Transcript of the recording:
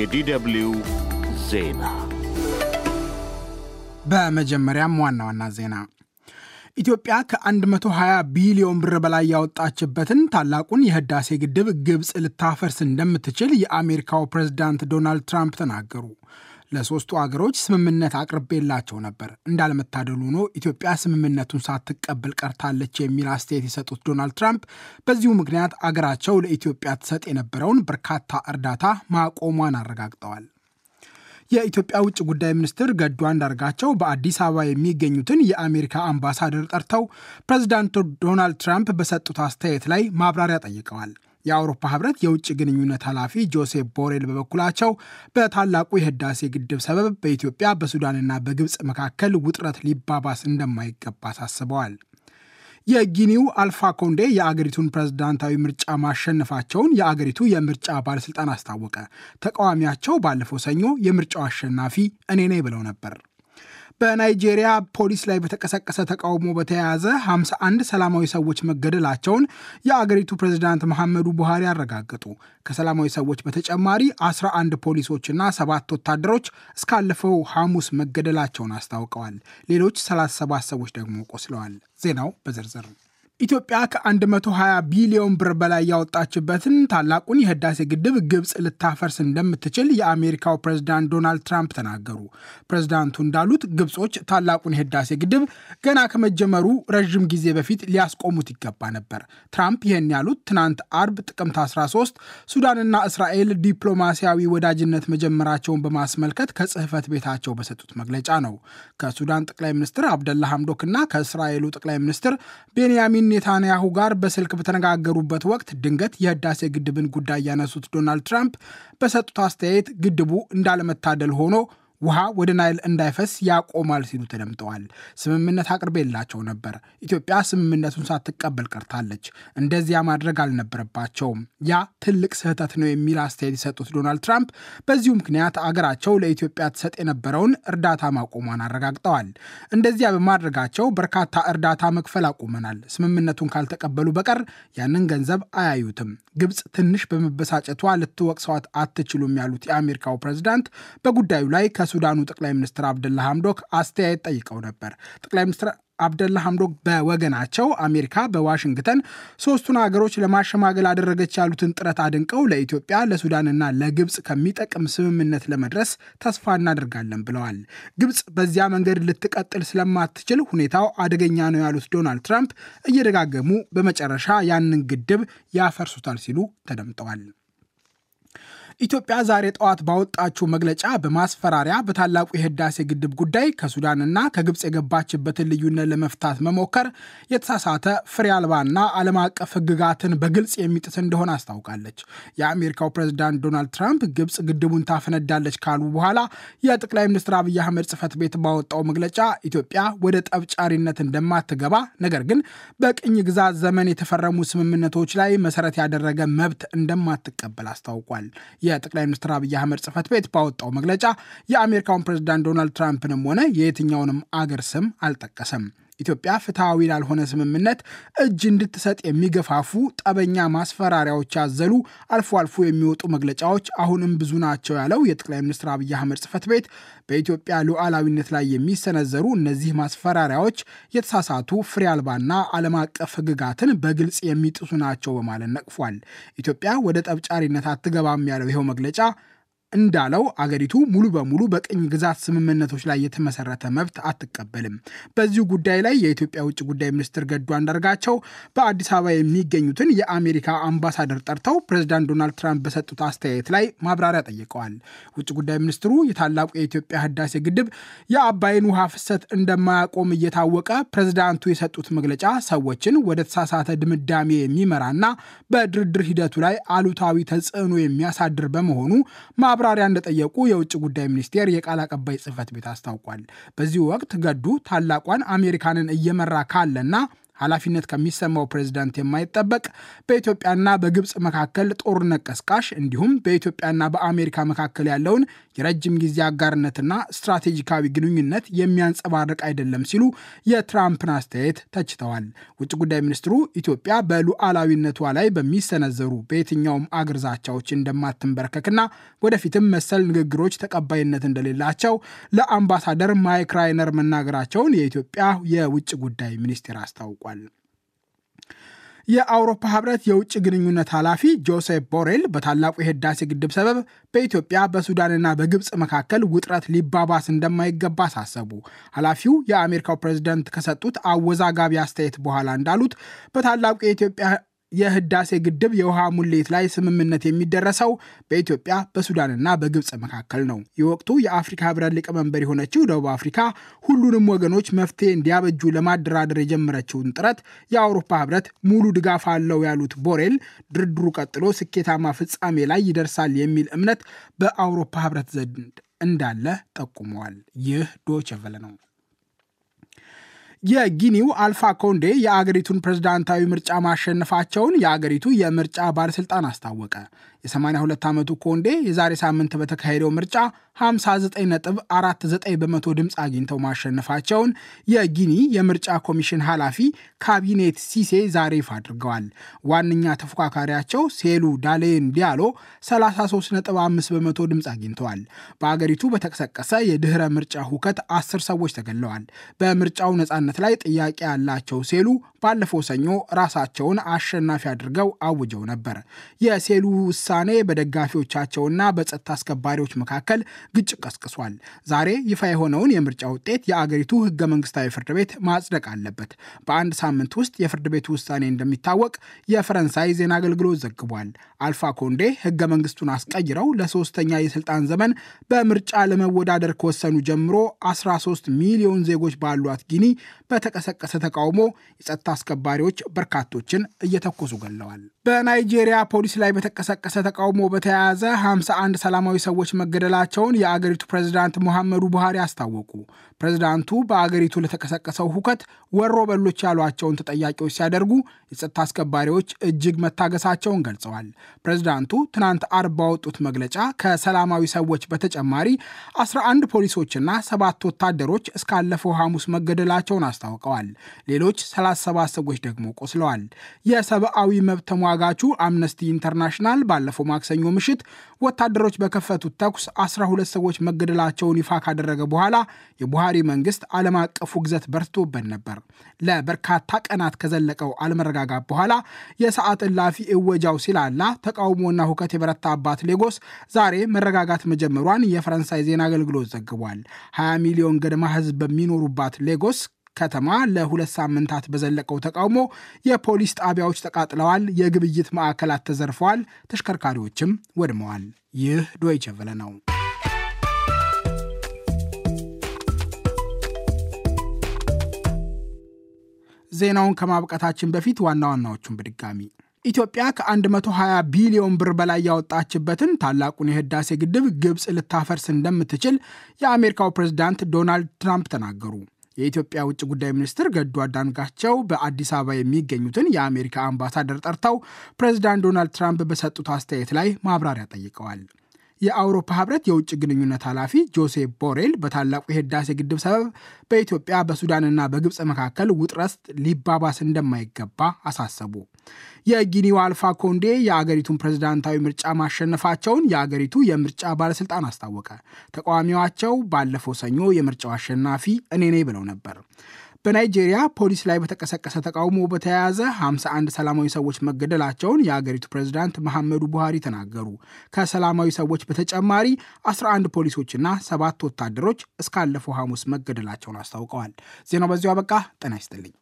የዲደብሊው ዜና በመጀመሪያም ዋና ዋና ዜና ኢትዮጵያ ከ120 ቢሊዮን ብር በላይ ያወጣችበትን ታላቁን የህዳሴ ግድብ ግብፅ ልታፈርስ እንደምትችል የአሜሪካው ፕሬዝዳንት ዶናልድ ትራምፕ ተናገሩ። ለሶስቱ አገሮች ስምምነት አቅርቤላቸው ነበር። እንዳለመታደል ሆኖ ኢትዮጵያ ስምምነቱን ሳትቀበል ቀርታለች የሚል አስተያየት የሰጡት ዶናልድ ትራምፕ በዚሁ ምክንያት አገራቸው ለኢትዮጵያ ትሰጥ የነበረውን በርካታ እርዳታ ማቆሟን አረጋግጠዋል። የኢትዮጵያ ውጭ ጉዳይ ሚኒስትር ገዱ አንዳርጋቸው በአዲስ አበባ የሚገኙትን የአሜሪካ አምባሳደር ጠርተው ፕሬዚዳንት ዶናልድ ትራምፕ በሰጡት አስተያየት ላይ ማብራሪያ ጠይቀዋል። የአውሮፓ ህብረት የውጭ ግንኙነት ኃላፊ ጆሴፕ ቦሬል በበኩላቸው በታላቁ የህዳሴ ግድብ ሰበብ በኢትዮጵያ በሱዳንና በግብፅ መካከል ውጥረት ሊባባስ እንደማይገባ አሳስበዋል። የጊኒው አልፋ ኮንዴ የአገሪቱን ፕሬዝዳንታዊ ምርጫ ማሸነፋቸውን የአገሪቱ የምርጫ ባለስልጣን አስታወቀ። ተቃዋሚያቸው ባለፈው ሰኞ የምርጫው አሸናፊ እኔ ነኝ ብለው ነበር። በናይጄሪያ ፖሊስ ላይ በተቀሰቀሰ ተቃውሞ በተያያዘ 51 ሰላማዊ ሰዎች መገደላቸውን የአገሪቱ ፕሬዝዳንት መሐመዱ ቡሃሪ አረጋገጡ። ከሰላማዊ ሰዎች በተጨማሪ 11 ፖሊሶችና ሰባት ወታደሮች እስካለፈው ሐሙስ መገደላቸውን አስታውቀዋል። ሌሎች 37 ሰዎች ደግሞ ቆስለዋል። ዜናው በዝርዝር ኢትዮጵያ ከ120 ቢሊዮን ብር በላይ ያወጣችበትን ታላቁን የህዳሴ ግድብ ግብፅ ልታፈርስ እንደምትችል የአሜሪካው ፕሬዝዳንት ዶናልድ ትራምፕ ተናገሩ። ፕሬዝዳንቱ እንዳሉት ግብጾች ታላቁን የህዳሴ ግድብ ገና ከመጀመሩ ረዥም ጊዜ በፊት ሊያስቆሙት ይገባ ነበር። ትራምፕ ይህን ያሉት ትናንት አርብ ጥቅምት 13 ሱዳንና እስራኤል ዲፕሎማሲያዊ ወዳጅነት መጀመራቸውን በማስመልከት ከጽህፈት ቤታቸው በሰጡት መግለጫ ነው። ከሱዳን ጠቅላይ ሚኒስትር አብደላ ሐምዶክ እና ከእስራኤሉ ጠቅላይ ሚኒስትር ቤንያሚን ኔታንያሁ ጋር በስልክ በተነጋገሩበት ወቅት ድንገት የህዳሴ ግድብን ጉዳይ ያነሱት ዶናልድ ትራምፕ በሰጡት አስተያየት ግድቡ እንዳለመታደል ሆኖ ውሃ ወደ ናይል እንዳይፈስ ያቆማል ሲሉ ተደምጠዋል። ስምምነት አቅርቤላቸው ነበር። ኢትዮጵያ ስምምነቱን ሳትቀበል ቀርታለች። እንደዚያ ማድረግ አልነበረባቸውም። ያ ትልቅ ስህተት ነው የሚል አስተያየት የሰጡት ዶናልድ ትራምፕ በዚሁ ምክንያት አገራቸው ለኢትዮጵያ ትሰጥ የነበረውን እርዳታ ማቆሟን አረጋግጠዋል። እንደዚያ በማድረጋቸው በርካታ እርዳታ መክፈል አቁመናል። ስምምነቱን ካልተቀበሉ በቀር ያንን ገንዘብ አያዩትም። ግብፅ ትንሽ በመበሳጨቷ ልትወቅሰዋት አትችሉም ያሉት የአሜሪካው ፕሬዚዳንት በጉዳዩ ላይ ከ የሱዳኑ ጠቅላይ ሚኒስትር አብደላ ሐምዶክ አስተያየት ጠይቀው ነበር። ጠቅላይ ሚኒስትር አብደላ ሐምዶክ በወገናቸው አሜሪካ በዋሽንግተን ሶስቱን ሀገሮች ለማሸማገል አደረገች ያሉትን ጥረት አድንቀው ለኢትዮጵያ ለሱዳንና ለግብፅ ከሚጠቅም ስምምነት ለመድረስ ተስፋ እናደርጋለን ብለዋል። ግብፅ በዚያ መንገድ ልትቀጥል ስለማትችል ሁኔታው አደገኛ ነው ያሉት ዶናልድ ትራምፕ እየደጋገሙ በመጨረሻ ያንን ግድብ ያፈርሱታል ሲሉ ተደምጠዋል። ኢትዮጵያ ዛሬ ጠዋት ባወጣችው መግለጫ በማስፈራሪያ በታላቁ የህዳሴ ግድብ ጉዳይ ከሱዳንና ከግብፅ የገባችበትን ልዩነት ለመፍታት መሞከር የተሳሳተ ፍሬ አልባና ዓለም አቀፍ ህግጋትን በግልጽ የሚጥስ እንደሆነ አስታውቃለች። የአሜሪካው ፕሬዝዳንት ዶናልድ ትራምፕ ግብፅ ግድቡን ታፈነዳለች ካሉ በኋላ የጠቅላይ ሚኒስትር አብይ አህመድ ጽህፈት ቤት ባወጣው መግለጫ ኢትዮጵያ ወደ ጠብጫሪነት እንደማትገባ ነገር ግን በቅኝ ግዛት ዘመን የተፈረሙ ስምምነቶች ላይ መሰረት ያደረገ መብት እንደማትቀበል አስታውቋል። የጠቅላይ ሚኒስትር አብይ አህመድ ጽህፈት ቤት ባወጣው መግለጫ የአሜሪካውን ፕሬዚዳንት ዶናልድ ትራምፕንም ሆነ የየትኛውንም አገር ስም አልጠቀሰም። ኢትዮጵያ ፍትሐዊ ላልሆነ ስምምነት እጅ እንድትሰጥ የሚገፋፉ ጠበኛ ማስፈራሪያዎች ያዘሉ አልፎ አልፎ የሚወጡ መግለጫዎች አሁንም ብዙ ናቸው ያለው የጠቅላይ ሚኒስትር አብይ አህመድ ጽህፈት ቤት በኢትዮጵያ ሉዓላዊነት ላይ የሚሰነዘሩ እነዚህ ማስፈራሪያዎች የተሳሳቱ ፍሬ አልባና ዓለም አቀፍ ህግጋትን በግልጽ የሚጥሱ ናቸው በማለት ነቅፏል። ኢትዮጵያ ወደ ጠብጫሪነት አትገባም ያለው ይኸው መግለጫ እንዳለው አገሪቱ ሙሉ በሙሉ በቅኝ ግዛት ስምምነቶች ላይ የተመሰረተ መብት አትቀበልም። በዚሁ ጉዳይ ላይ የኢትዮጵያ ውጭ ጉዳይ ሚኒስትር ገዱ አንዳርጋቸው በአዲስ አበባ የሚገኙትን የአሜሪካ አምባሳደር ጠርተው ፕሬዚዳንት ዶናልድ ትራምፕ በሰጡት አስተያየት ላይ ማብራሪያ ጠይቀዋል። ውጭ ጉዳይ ሚኒስትሩ የታላቁ የኢትዮጵያ ህዳሴ ግድብ የአባይን ውሃ ፍሰት እንደማያቆም እየታወቀ ፕሬዚዳንቱ የሰጡት መግለጫ ሰዎችን ወደ ተሳሳተ ድምዳሜ የሚመራና በድርድር ሂደቱ ላይ አሉታዊ ተጽዕኖ የሚያሳድር በመሆኑ ማብራሪያ እንደጠየቁ የውጭ ጉዳይ ሚኒስቴር የቃል አቀባይ ጽህፈት ቤት አስታውቋል። በዚሁ ወቅት ገዱ ታላቋን አሜሪካንን እየመራ ካለና ኃላፊነት ከሚሰማው ፕሬዚዳንት የማይጠበቅ በኢትዮጵያና በግብፅ መካከል ጦርነት ቀስቃሽ እንዲሁም በኢትዮጵያና በአሜሪካ መካከል ያለውን የረጅም ጊዜ አጋርነትና ስትራቴጂካዊ ግንኙነት የሚያንጸባርቅ አይደለም ሲሉ የትራምፕን አስተያየት ተችተዋል። ውጭ ጉዳይ ሚኒስትሩ ኢትዮጵያ በሉዓላዊነቷ ላይ በሚሰነዘሩ በየትኛውም አገር ዛቻዎች እንደማትንበረከክና ወደፊትም መሰል ንግግሮች ተቀባይነት እንደሌላቸው ለአምባሳደር ማይክ ራይነር መናገራቸውን የኢትዮጵያ የውጭ ጉዳይ ሚኒስቴር አስታውቋል። አስታውቀዋል። የአውሮፓ ህብረት የውጭ ግንኙነት ኃላፊ ጆሴፕ ቦሬል በታላቁ የህዳሴ ግድብ ሰበብ በኢትዮጵያ በሱዳንና በግብፅ መካከል ውጥረት ሊባባስ እንደማይገባ አሳሰቡ። ኃላፊው የአሜሪካው ፕሬዝደንት ከሰጡት አወዛጋቢ አስተያየት በኋላ እንዳሉት በታላቁ የኢትዮጵያ የህዳሴ ግድብ የውሃ ሙሌት ላይ ስምምነት የሚደረሰው በኢትዮጵያ በሱዳንና በግብፅ መካከል ነው። የወቅቱ የአፍሪካ ህብረት ሊቀመንበር የሆነችው ደቡብ አፍሪካ ሁሉንም ወገኖች መፍትሄ እንዲያበጁ ለማደራደር የጀመረችውን ጥረት የአውሮፓ ህብረት ሙሉ ድጋፍ አለው ያሉት ቦሬል ድርድሩ ቀጥሎ ስኬታማ ፍጻሜ ላይ ይደርሳል የሚል እምነት በአውሮፓ ህብረት ዘንድ እንዳለ ጠቁመዋል። ይህ ዶቸቨለ ነው። የጊኒው አልፋ ኮንዴ የአገሪቱን ፕሬዝዳንታዊ ምርጫ ማሸነፋቸውን የአገሪቱ የምርጫ ባለስልጣን አስታወቀ። የ82 ዓመቱ ኮንዴ የዛሬ ሳምንት በተካሄደው ምርጫ 59.49 በመቶ ድምፅ አግኝተው ማሸነፋቸውን የጊኒ የምርጫ ኮሚሽን ኃላፊ ካቢኔት ሲሴ ዛሬ ይፋ አድርገዋል። ዋነኛ ተፎካካሪያቸው ሴሉ ዳሌን ዲያሎ 33.5 በመቶ ድምፅ አግኝተዋል። በአገሪቱ በተቀሰቀሰ የድህረ ምርጫ ሁከት አስር ሰዎች ተገለዋል። በምርጫው ነፃነት ላይ ጥያቄ ያላቸው ሴሉ ባለፈው ሰኞ ራሳቸውን አሸናፊ አድርገው አውጀው ነበር። የሴሉ ውሳኔ በደጋፊዎቻቸውና በጸጥታ አስከባሪዎች መካከል ግጭት ቀስቅሷል። ዛሬ ይፋ የሆነውን የምርጫ ውጤት የአገሪቱ ህገ መንግስታዊ ፍርድ ቤት ማጽደቅ አለበት። በአንድ ሳምንት ውስጥ የፍርድ ቤቱ ውሳኔ እንደሚታወቅ የፈረንሳይ ዜና አገልግሎት ዘግቧል። አልፋ ኮንዴ ህገ መንግስቱን አስቀይረው ለሶስተኛ የስልጣን ዘመን በምርጫ ለመወዳደር ከወሰኑ ጀምሮ 13 ሚሊዮን ዜጎች ባሏት ጊኒ በተቀሰቀሰ ተቃውሞ የጸጥታ አስከባሪዎች በርካቶችን እየተኮሱ ገለዋል። በናይጄሪያ ፖሊስ ላይ በተቀሰቀሰ ተቃውሞ በተያያዘ 51 ሰላማዊ ሰዎች መገደላቸውን መሆናቸውን የአገሪቱ ፕሬዚዳንት ሙሐመዱ ቡሃሪ አስታወቁ። ፕሬዝዳንቱ በአገሪቱ ለተቀሰቀሰው ሁከት ወሮ በሎች ያሏቸውን ተጠያቂዎች ሲያደርጉ የጸጥታ አስከባሪዎች እጅግ መታገሳቸውን ገልጸዋል። ፕሬዝዳንቱ ትናንት አርብ ባወጡት መግለጫ ከሰላማዊ ሰዎች በተጨማሪ 11 ፖሊሶችና ሰባት ወታደሮች እስካለፈው ሐሙስ መገደላቸውን አስታውቀዋል። ሌሎች 37 ሰዎች ደግሞ ቆስለዋል። የሰብአዊ መብት ተሟጋቹ አምነስቲ ኢንተርናሽናል ባለፈው ማክሰኞ ምሽት ወታደሮች በከፈቱት ተኩስ 12 ሰዎች መገደላቸውን ይፋ ካደረገ በኋላ የቡሃ የቡሃሪ መንግስት ዓለም አቀፉ ግዘት በርትቶበት ነበር። ለበርካታ ቀናት ከዘለቀው አለመረጋጋት በኋላ የሰዓት እላፊ እወጃው ሲላላ ተቃውሞና ሁከት የበረታባት ሌጎስ ዛሬ መረጋጋት መጀመሯን የፈረንሳይ ዜና አገልግሎት ዘግቧል። 20 ሚሊዮን ገደማ ህዝብ በሚኖሩባት ሌጎስ ከተማ ለሁለት ሳምንታት በዘለቀው ተቃውሞ የፖሊስ ጣቢያዎች ተቃጥለዋል፣ የግብይት ማዕከላት ተዘርፈዋል፣ ተሽከርካሪዎችም ወድመዋል። ይህ ዶይቸ ነው። ዜናውን ከማብቃታችን በፊት ዋና ዋናዎቹን በድጋሚ ኢትዮጵያ ከ120 ቢሊዮን ብር በላይ ያወጣችበትን ታላቁን የህዳሴ ግድብ ግብፅ ልታፈርስ እንደምትችል የአሜሪካው ፕሬዝዳንት ዶናልድ ትራምፕ ተናገሩ። የኢትዮጵያ ውጭ ጉዳይ ሚኒስትር ገዱ አዳንጋቸው በአዲስ አበባ የሚገኙትን የአሜሪካ አምባሳደር ጠርተው ፕሬዝዳንት ዶናልድ ትራምፕ በሰጡት አስተያየት ላይ ማብራሪያ ጠይቀዋል። የአውሮፓ ህብረት የውጭ ግንኙነት ኃላፊ ጆሴፕ ቦሬል በታላቁ የህዳሴ ግድብ ሰበብ በኢትዮጵያ በሱዳንና በግብፅ መካከል ውጥረት ሊባባስ እንደማይገባ አሳሰቡ። የጊኒው አልፋ ኮንዴ የአገሪቱን ፕሬዝዳንታዊ ምርጫ ማሸነፋቸውን የአገሪቱ የምርጫ ባለስልጣን አስታወቀ። ተቃዋሚዋቸው ባለፈው ሰኞ የምርጫው አሸናፊ እኔ ነኝ ብለው ነበር። በናይጄሪያ ፖሊስ ላይ በተቀሰቀሰ ተቃውሞ በተያያዘ 51 ሰላማዊ ሰዎች መገደላቸውን የአገሪቱ ፕሬዝዳንት መሐመዱ ቡሃሪ ተናገሩ። ከሰላማዊ ሰዎች በተጨማሪ 11 ፖሊሶችና ሰባት ወታደሮች እስካለፈው ሐሙስ መገደላቸውን አስታውቀዋል። ዜናው በዚሁ አበቃ። ጤና ይስጥልኝ።